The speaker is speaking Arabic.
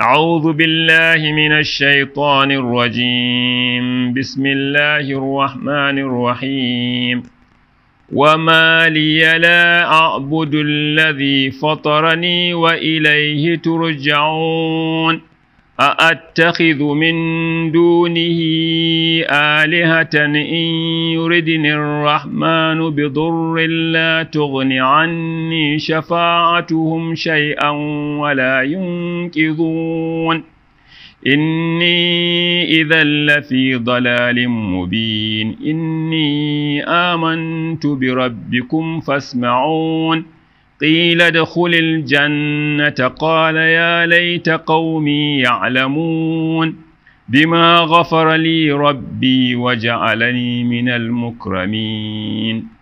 أعوذ بالله من الشيطان الرجيم بسم الله الرحمن الرحيم وما لي لا أعبد الذي فطرني وإليه ترجعون أأتخذ من دونه آلهة إن يردني الرحمن بضر لا تغن عني شفاعتهم شيئا ولا ينقذون إني إذا لفي ضلال مبين إني آمنت بربكم فاسمعون قيل ادخل الجنة قال يا ليت قومي يعلمون بما غفر لي ربي وجعلني من المكرمين